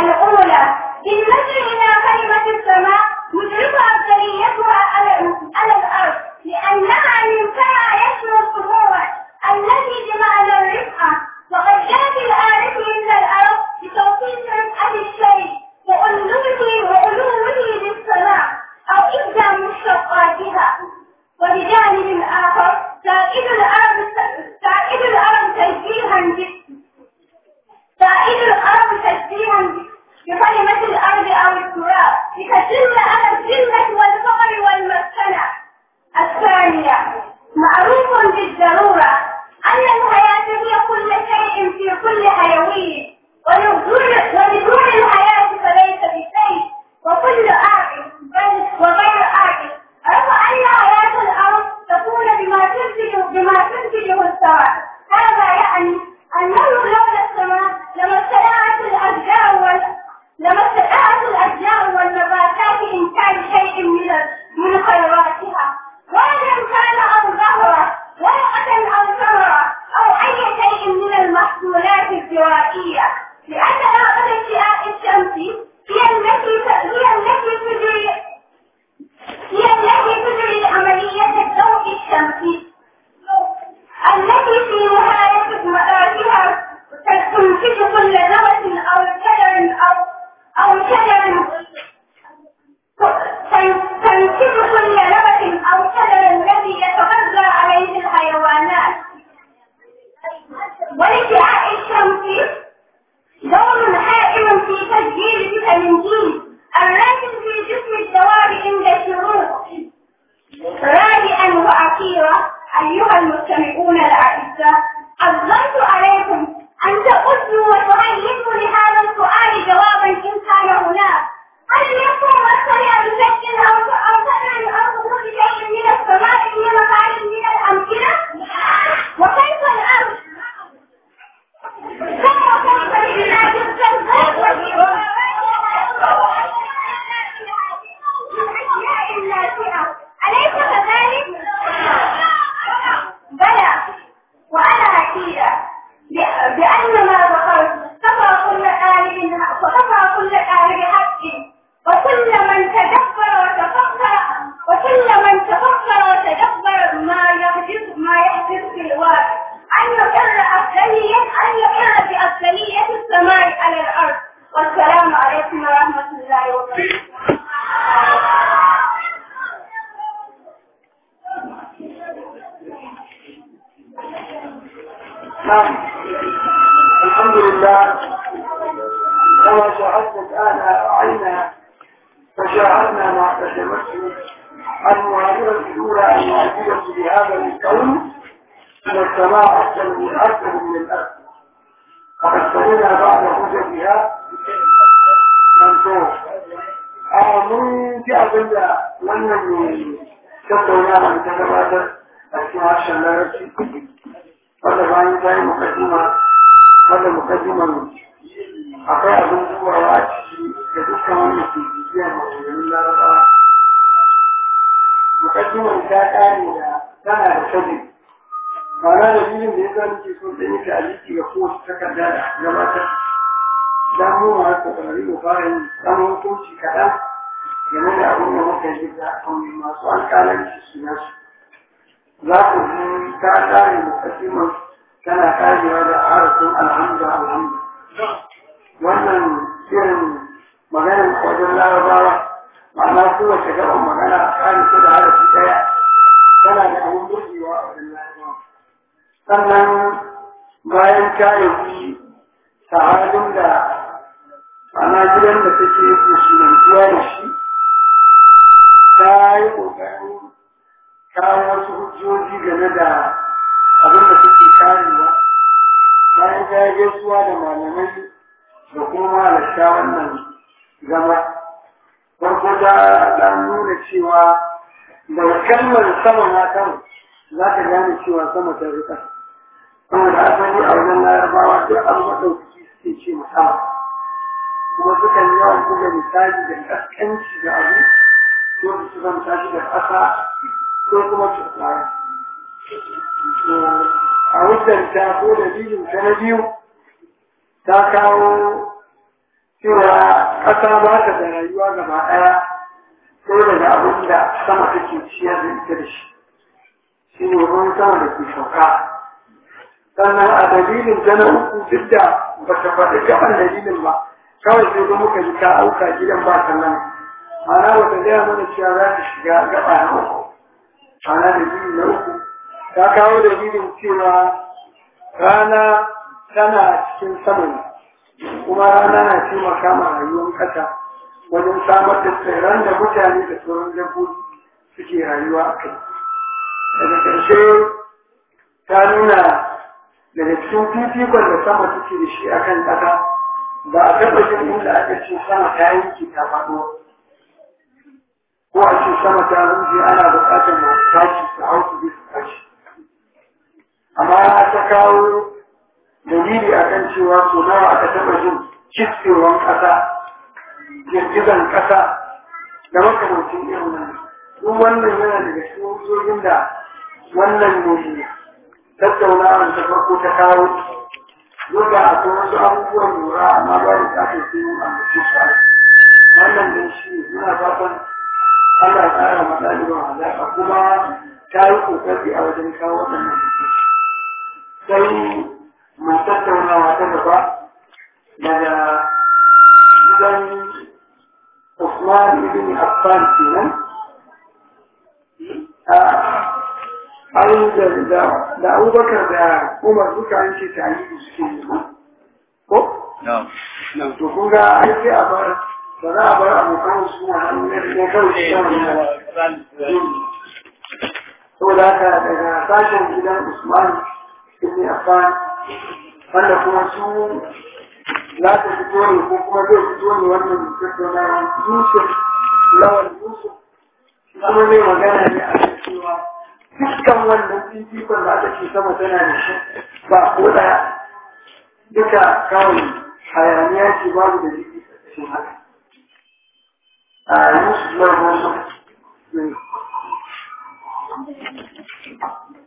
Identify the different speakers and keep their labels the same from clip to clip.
Speaker 1: الأولى بالنظر إلى كلمة السماء مدركة أفضليتها على الأرض لأنها من كما يشمل الصبور الذي بمعنى الرفعة وقد جاءت الآلة من الأرض بتوصيف رفعة الشيء وعلوه وعلوه بالسماء أو إبدا مشتقاتها وبجانب آخر سائد الأرض سائد الأرض جدا تعيد الأرض تشبيها بكلمة الأرض أو التراب لتتم على الجنة والفقر والمسكنة. الثانية معروف بالضرورة أن الحياة هي كل شيء في كل حيوي ولدون الحياة فليس بشيء وكل أرض بل وغير أرض رغم أن حياة الأرض تكون بما تنتجه بما تنتجه الثمر mu'tazil ma'ana da filin da ya zama ke son ɗanyi ta aliki ga kowace takarda da gabatar dan mu ma ta bari mu fara yin ɗan hukunci kaɗan game da abin da muka yi da kawai masu alƙalanci su nasu za ku ji ta ƙare mukaddiman tana ƙarewa da harafin alhamdu alhamdu wannan irin maganar wajen larabawa ma'ana kowace gaban magana a ƙare su da harafi ɗaya tana da abin burgewa a wajen larabawa sannan bayan ta yanki da ana gidan da take musuluntuwa da shi ta yi ƙoƙarin kawo wasu hujjoji game da abin da suke karewa bayan ta yi gaisuwa da malamai da kuma halarta wannan zama farko ta nuna cewa da kalmar sama na kan za ka gane cewa sama ta rika saboda asali a wajen larabawa duk abu maɗaukaki suke ce musamman kuma sukan yawan buga misali da ƙasƙanci da abu ko da su zanta da ƙasa ko kuma cutar a wajen ta ko da ta na biyu ta kawo cewa ƙasa ba ta da rayuwa gaba ɗaya sai daga abin da sama kake ciyar da ita da shi shi ne ruwan sama da ke sauka sannan a dalilin ta na uku duk da ba ta faɗi gaban dalilin ba kawai sai zo muka ji ta auka gidan ba ta nan ana wata gaya mana cewa za ta shiga gaba na uku ana dalilin na uku ta kawo dalilin cewa rana tana cikin saman kuma rana na taimaka ma rayuwar ƙasa wajen samar da tsirran da mutane da tsoron dabbobi suke rayuwa a kai daga ƙarshe ta nuna daga cikin fifikon da sama suke da shi a kan ƙasa ba a taɓa jin inda aka ce sama ta ke ta faɗo ko a ce sama ta rufe, ana buƙatar masu tashi su hau su bi su tashi amma ta kawo dalili a kan cewa so nawa aka taɓa jin citsewar ƙasa girgizan ƙasa da makamancin irin wannan duk wannan yana daga cikin hujjojin da wannan ne tattaunawa ta farko ta kawo yadda a akwai wasu abubuwan lura amma ba da kafin sun yi ambaci su wannan ne shi muna fatan Allah ya tsara matsalolin hazaƙa kuma ta yi ƙoƙari a wajen kawo wannan sai da da abubakar da umar suka an ce ta yi suke yi ko? na to kun ga an sai a bar ba za a bar abokan su a hannun ne kawai shi yawon da haka daga sashen gidan usman ibn affan wanda kuma su za ta fito ne ko kuma zai fito ne wannan tattaunawa yusuf lawal yusuf kuma zai magana ne a cewa dukkan wannan fifikon da aka ce sama tana da shi ba ko ɗaya duka kawai hayaniya ce babu da jiki cikin haka a yanzu su zuwa wasu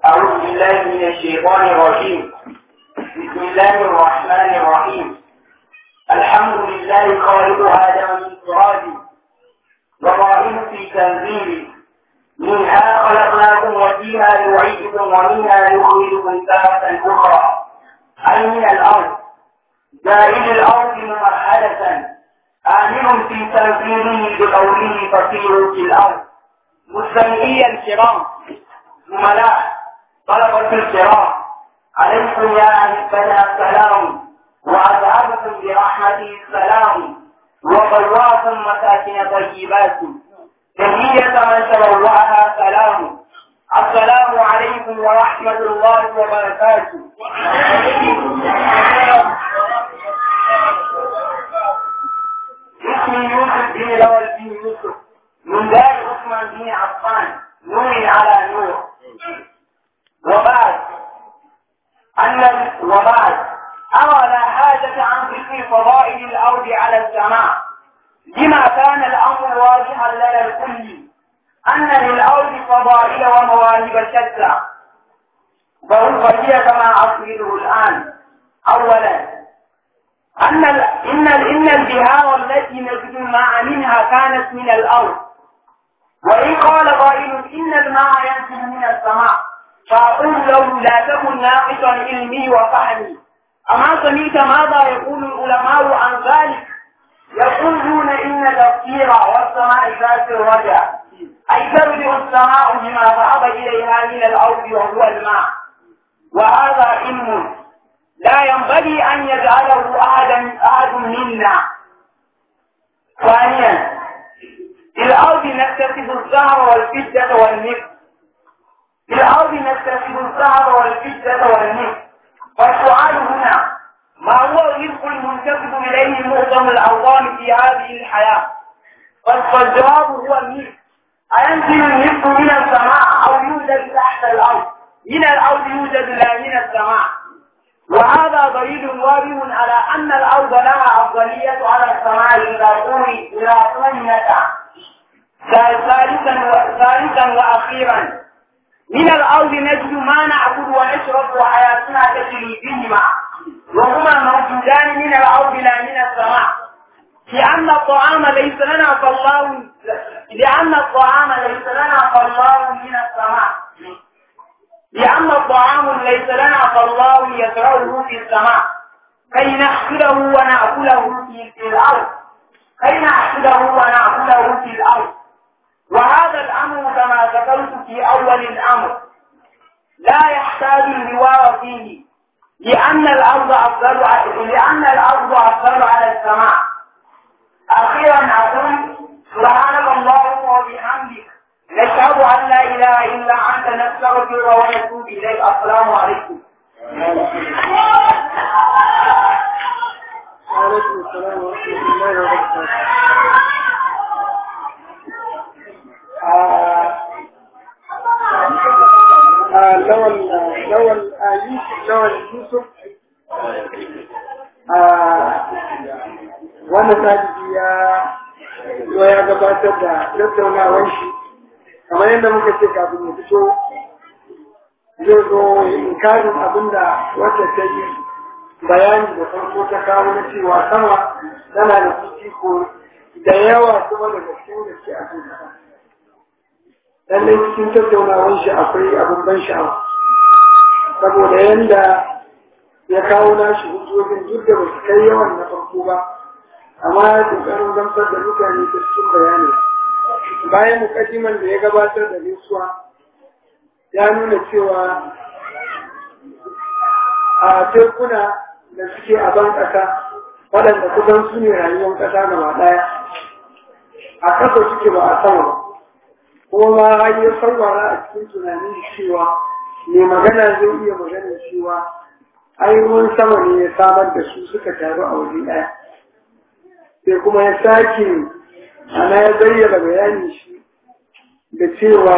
Speaker 1: أعوذ بالله من الشيطان الرجيم بسم الله الرحمن الرحيم الحمد لله خالق هذا من تراب وظاهر في تنزيله منها خلقناكم وفيها يعيدكم ومنها يخرجكم تارة أخرى أي من الأرض زائد الأرض مرحلة آمن في تنفيذه بقوله فصير في الأرض مستمعي الكرام زملاء طلبة الكرام عليكم يا أهل سلام وأذهبكم برحمته السلام وقواكم مساكن طيبات تحية من تبوعها سلام السلام عليكم ورحمة الله وبركاته من الأرض وإن قال قائل إن الماء ينزل من السماء فأقول له لا تكن ناقصا علمي وفهمي أما سمعت ماذا يقول العلماء عن ذلك يقولون إن تفسير والسماء ذات الرجع أي ترجع السماء بما ذهب إليها من الأرض وهو الماء وهذا علم لا ينبغي أن يجعله أحد أحد منا ثانيا نكتسب الزهر والفضة والنفس في الأرض نكتسب الزهر والفضة والنفس والسؤال هنا ما هو الرزق المنتسب إليه معظم الأوطان في هذه الحياة فالجواب هو النفس أينزل النفس من السماء أو يوجد تحت الأرض من الأرض يوجد لا من السماء وهذا دليل واضح على أن الأرض لها أفضلية على السماء إلى طول إلى طول ثالثا ثالثا واخيرا من الارض نجد ما نعبد ونشرب وحياتنا تجري بهما وهما موجودان من الارض لا من السماء لأن الطعام ليس لنا فالله لأن الطعام ليس لنا فالله من السماء لأن الطعام ليس لنا فالله يزرعه في السماء كي نحصده ونأكله في الأرض كي نحصده ونأكله في الأرض وهذا الأمر كما ذكرت في أول الأمر لا يحتاج اللواء فيه لأن الأرض أفضل لأن الأرض أفضل على السماء أخيرا أقول سبحانك اللهم وبحمدك نشهد أن لا إله إلا أنت نستغفر ونتوب إليك السلام عليكم وعليكم السلام ورحمة الله وبركاته a lawal lawal a yusuf wani ya zo ya gabatar da tattaunawar shi kamar yadda muka ce kafin mu fito zai zo inkarin abin da wata ta yi bayani da farko ta kawo na cewa sama tana da ko da yawa kuma da gaske da ke a kan lallai cikin tattaunawan shi akwai abin ban sha'awa saboda yanda ya kawo nashi hujjojin duk da basu kai yawan na farko ba amma ya kokarin gamsar da mutane da cikin bayani bayan mukaddiman da ya gabatar da lesuwa ya nuna cewa a tekuna da suke a ban ƙasa waɗanda kusan su ne rayuwar ƙasa gaba ɗaya a ƙasa suke ba a sama ba kuma har ya sauwara a cikin tunanin cewa mai magana zai iya magana cewa ai ruwan sama ne ya samar da su suka taru a waje ɗaya sai kuma ya sake ana ya bayyana bayani shi da cewa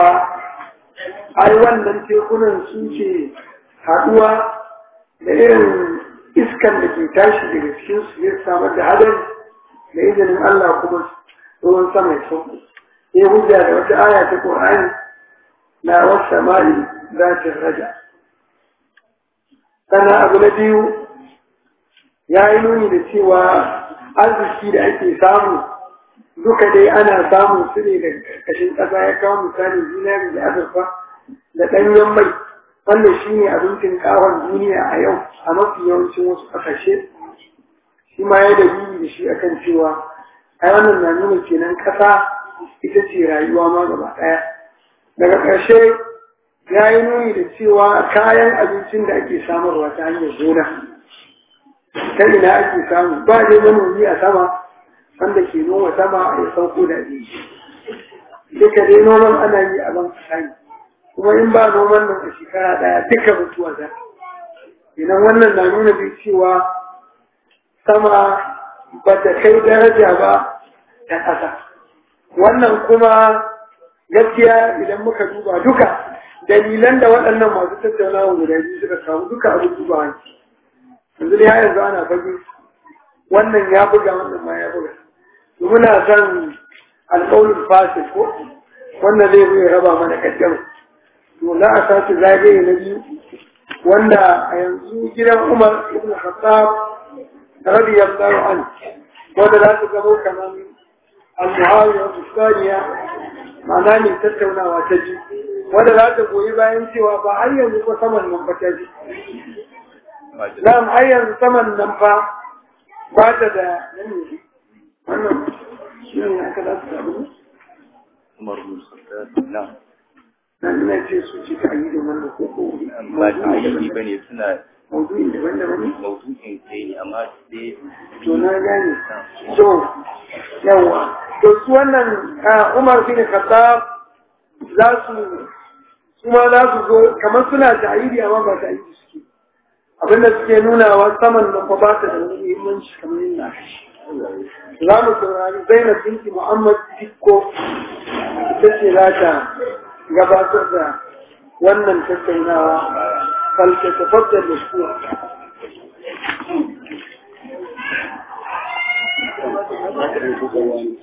Speaker 1: ai wannan tekunan su ce haɗuwa da irin iskan da ke tashi daga cikinsu ya samar da hadari da izinin Allah kuma ruwan sama ya sauko sai hujja da wata aya ta Qur'ani na wasa mai zatin raja sannan abu na biyu ya yi nuni da cewa arziki da ake samu duka dai ana samun su ne daga ƙarƙashin ƙasa ya kawo misali zinari da azurfa da ɗanyen mai wannan shi ne abincin ƙawon duniya a yau a mafi yawancin wasu ƙasashe Shima ma ya dalili da shi akan cewa a wannan na nuna kenan ƙasa ita ce rayuwa ma gaba ɗaya daga ƙarshe ya yi nuni da cewa kayan abincin da ake samarwa ta hanyar gona ta ina ake samu ba dai manomi a sama wanda ke noma sama a ya sauko da abinci duka dai noman ana yi a ban kasa kuma in ba noman nan a shekara ɗaya duka mutuwa za idan wannan na nuna bai cewa sama ba ta kai daraja ba da ƙasa wannan kuma gaskiya idan muka duba duka dalilan da waɗannan masu tattaunawa guda biyu suka samu duka abu duba hanci yanzu ya yanzu ana fage wannan ya buga wannan ma ya buga muna son alƙawarin fasil ko wannan zai zai raba mana ƙaddam to za a sace zagaye na biyu wanda a yanzu gidan Umar ibn Khattab radiyallahu anhu wanda za su zama kamar al-muhawara al-thaniya ma'ana ne tattaunawa ta ji wanda za ta goyi bayan cewa ba har yanzu ko saman nan ba ta ji na'am har yanzu saman nan ba ba ta da nan wannan shi ne aka za su samu nan ne ce su ci ta yi da ba ta yi suna maudu'in daban-daban ne? maudu'in sai to na gane to yawa to su wannan umar bin khattab za su kuma za su zo kamar suna ta'idi amma suke abinda suke nunawa saman da ba ta da muhimmanci kamar yin shi. za mu saurari zainab binti muhammad dikko
Speaker 2: ita ce za ta
Speaker 1: gabatar da wannan tattaunawa فلتتفضل مشكورا Thank you.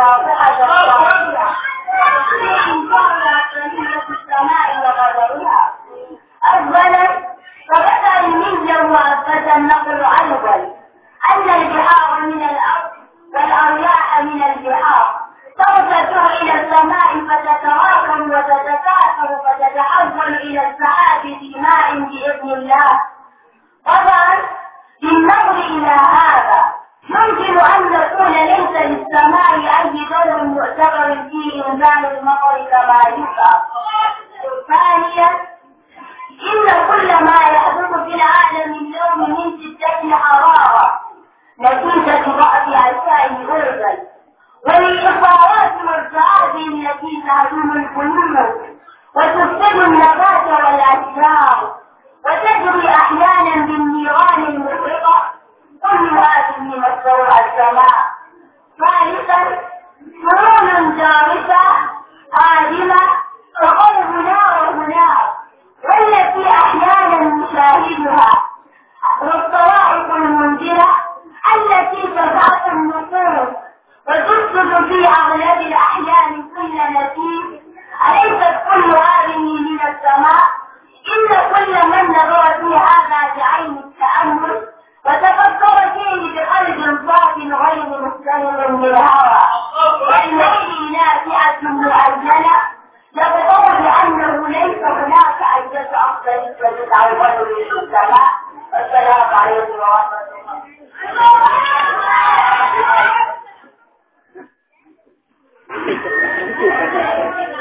Speaker 1: 啊，副驾驶。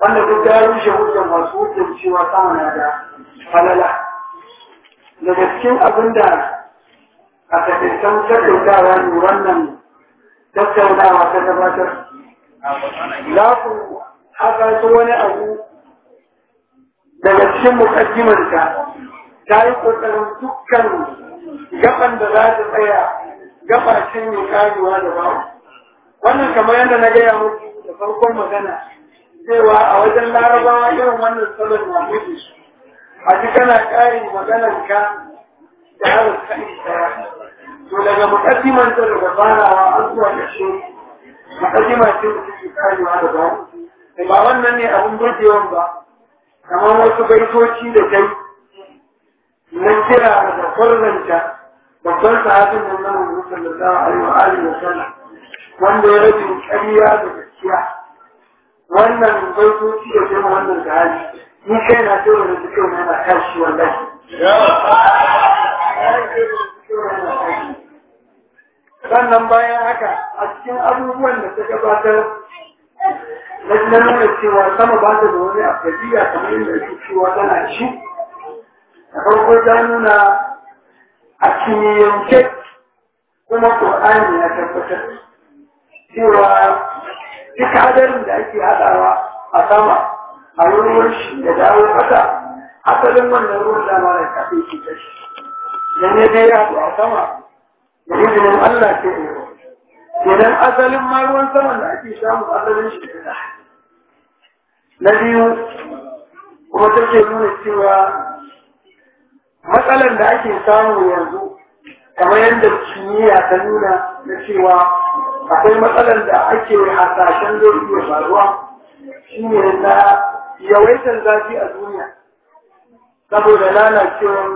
Speaker 1: wanda duk ya rushe hujjar masu hujjar cewa sama na da falala daga cikin abin da a taƙaitan taƙaitawa ne wannan tattaunawa ta gabatar za ku haka wani abu daga cikin mukaddimarka ta yi ƙoƙarin dukkan gaban da za ta tsaya gaba cin mai karewa da ba wannan kamar yadda na gaya muku da farkon magana cewa a wajen larabawa irin wannan salon da buɗe su a ji kana ƙarin maganar ka da harin kan ɗaya to daga muƙaddiman ta daga farawa an zuwa da shi muƙaddiman ce da suke karewa da ba ba wannan ne abin burgewan ba kamar wasu baitoci da kai na kira da farlanta babban sahabin nan na Muhammad sallallahu alaihi wa alihi wa sallam wanda ya rage ƙarya da gaskiya wannan baitoci da kuma wannan gari ni kai na ce wani suke na na kashi wallahi sannan bayan haka a cikin abubuwan da ta gabatar na nuna cewa sama ba ta da wani afirka kamar yadda su cewa tana shi. da farko ta nuna a kimiyyance kuma ƙur'ani ya tabbatar cewa duk hadarin da ake haɗawa a sama a ruwan shi da dawo kasa, asalin wannan ruwan dama da kafe shi ta shi da ne dai ya a sama da izinin Allah ke yi kenan asalin ma ruwan saman da ake samu asalin shi da na biyu kuma take nuna cewa matsalar da ake samu yanzu kamar yadda kimiyya ta nuna na cewa akwai matsalar da ake hasashen zai iya faruwa shi ne na yawaitar zafi a duniya saboda lalacewar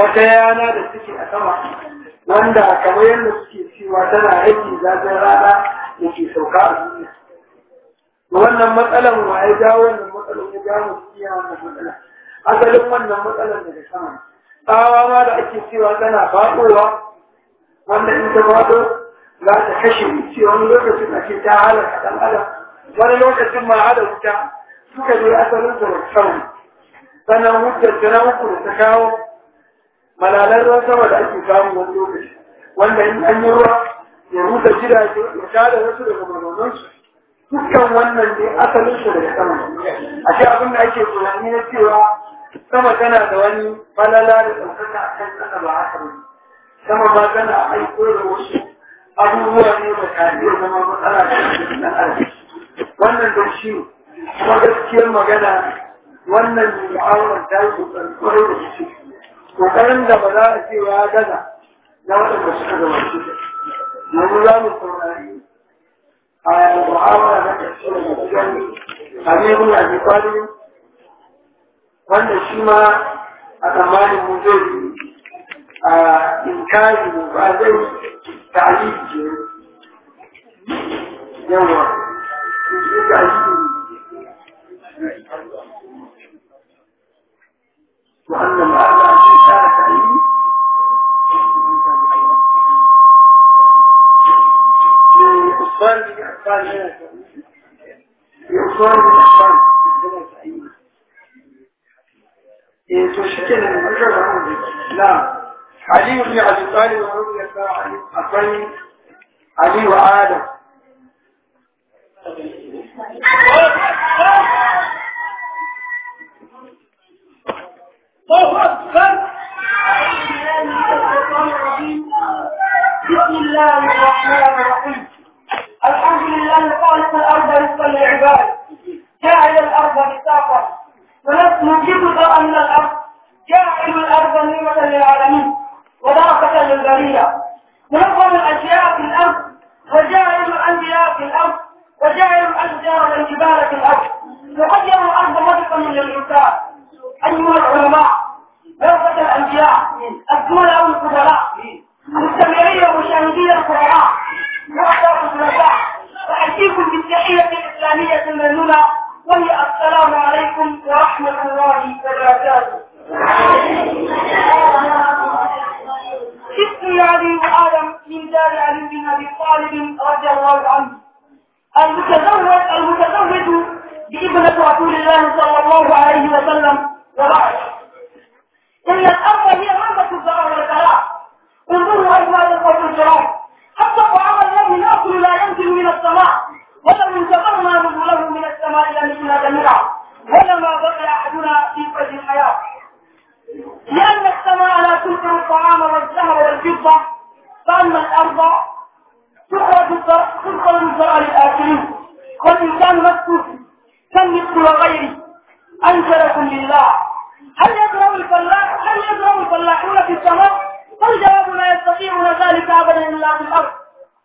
Speaker 1: wata yana da suke a sama wanda kamar yadda suke cewa tana aiki zafin rana da ke sauka a duniya wannan matsalan wa ya jawo wannan matsalan ya jawo su iya wannan matsalan asalin wannan matsalan daga sama tsawa ma da ake cewa tana faɗowa wanda in ta faɗo za ta kashe wuce wani lokacin a ce ta halaka ɗan adam wani lokacin ma hada wuta suka je asalin da kyau sannan hujjar jira uku da ta kawo malalar ruwan sama da ake samu wani lokaci wanda in an yi ruwa ya rusa gidaje ya tada wasu daga manomansu dukkan wannan ne asalin su daga sama a ce abin da ake tunani na cewa sama tana da wani falala da ɗaukaka a kan ƙasa ba haka ba Sama ba a aiko da wasu abubuwa ne da ka iya zama matsala da cikin na arziki wannan da shi kuma gaskiyar magana wannan mu'awarar ta yi kokarin kwarai da shi kokarin da ba za a ce ya gaza na waɗanda suka gaba shi yanzu za mu saurari
Speaker 2: a mu'awara na ƙarshe da mutum Aminu
Speaker 1: Abi Talib wanda shi ma a tsammanin mu zai inkari ba zai tari ke yawa su ba za su tara tari Eu sou علي بن ابي طالب ورضي الله عنه اقل علي وادم الله اكبر بسم الله الرحمن الرحيم الحمد لله خالق الارض رزقا للعباد جعل الارض بساطا ونسمى جبل ان الارض جعل الارض نعمه للعالمين وبركة للبرية ونظم الأشياء في الأرض وجعل الأنبياء في الأرض وجعل الأشجار والجبال في الأرض وقدر الأرض مدقا للإنسان أيها العلماء ورثة الأنبياء الدولة والفضلاء الكفر سمق وغيري أنزلكم لله هل يدرأ الفلاح هل يدرأ الفلاحون في السماء جواب ما يستطيعون ذلك أبدا إلا في الأرض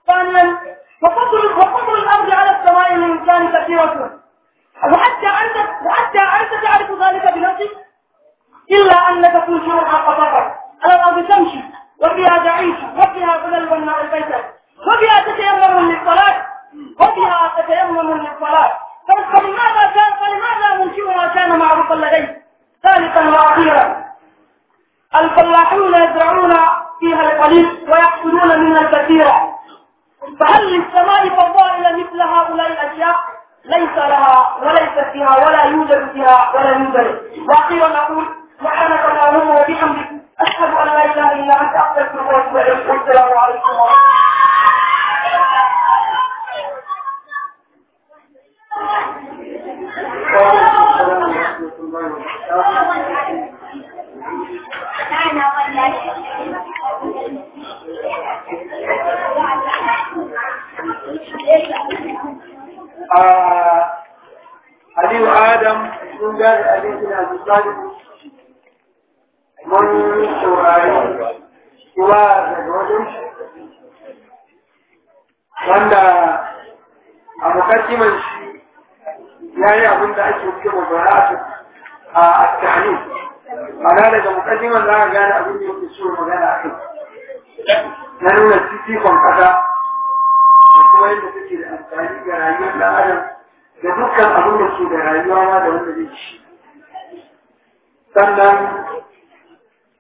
Speaker 1: ثانيا وفضل وفضل الأرض على السماء للإنسان كثيرة وحتى أنت وحتى أنت تعرف ذلك بنفسك إلا أنك تنشر حق فقط الأرض تمشي وفيها تعيش وفيها تلل البيت وفيها تتيمم للصلاة وبها تتيمم للصلاة فلماذا كان فلماذا منشئها كان معروفا لديه ثالثا وأخيرا الفلاحون يزرعون فيها القليل ويحصلون منها الكثير فهل للسماء فضائل مثل هؤلاء الأشياء ليس لها وليس فيها ولا يوجد فيها ولا يوجد وأخيرا اقول سبحانك اللهم وبحمدك أشهد أن لا إله إلا أنت أستغفرك وأتوب إليك والسلام عليكم ورحمة الله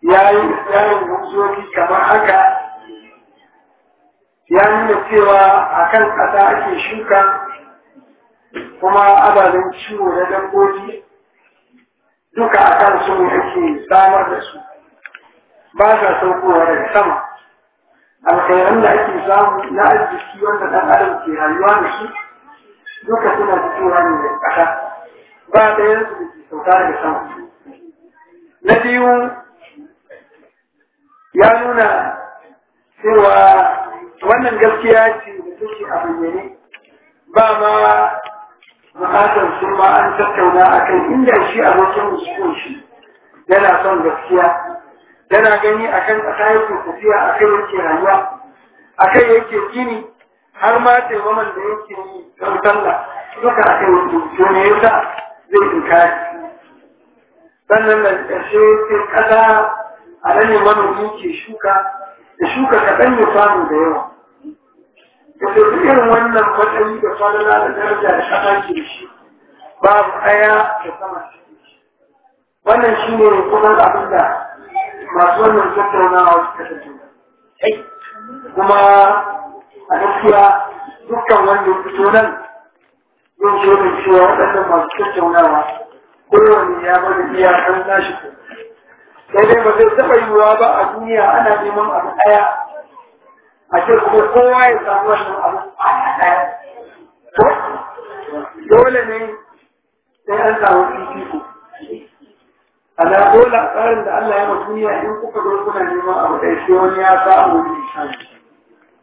Speaker 1: ya yi yaron kamar haka ya nuna cewa a kan ƙasa ake shuka kuma ababen ciwo na dabbobi duka a kan su ake samar da su ba sa saukowa daga sama alkhairan da ake samu na arziki wanda ɗan adam ke rayuwa da su duka suna fitowa ne daga ƙasa ba ɗayan su da ke sauka daga sama na biyu ya nuna cewa wannan gaskiya ce da take a bayyane ba ma bukatar su ma an tattauna a kan inda shi abokin musulun shi yana son gaskiya yana gani a kan ƙasa yake tafiya a kai yake rayuwa a kai yake gini har ma taimaman da yake yi don sallah duka a kai yake to ne yasa zai inkari sannan da ƙarshe sai ƙasa a nan ne manomi ke shuka da shuka kaɗan ne samu da yawa da tafiyar irin wannan matsayi da falala da daraja da ƙasa ke shi babu ɗaya da sama wannan shi ne kuma abin da masu wannan tattaunawa suka tattauna kuma a gaskiya dukkan wanda fito nan yin shirin cewa waɗannan masu tattaunawa kowane ya bada iyakan nashi kuma sai dai ba zai taɓa yiwuwa ba a duniya ana neman abu ɗaya a ce kuma kowa ya samu wannan abu ɗaya dole ne sai an samu fifiko Ana dole a tsarin da Allah ya ma duniya in kuka zo kuna neman abu ɗaya sai wani ya samu wani shani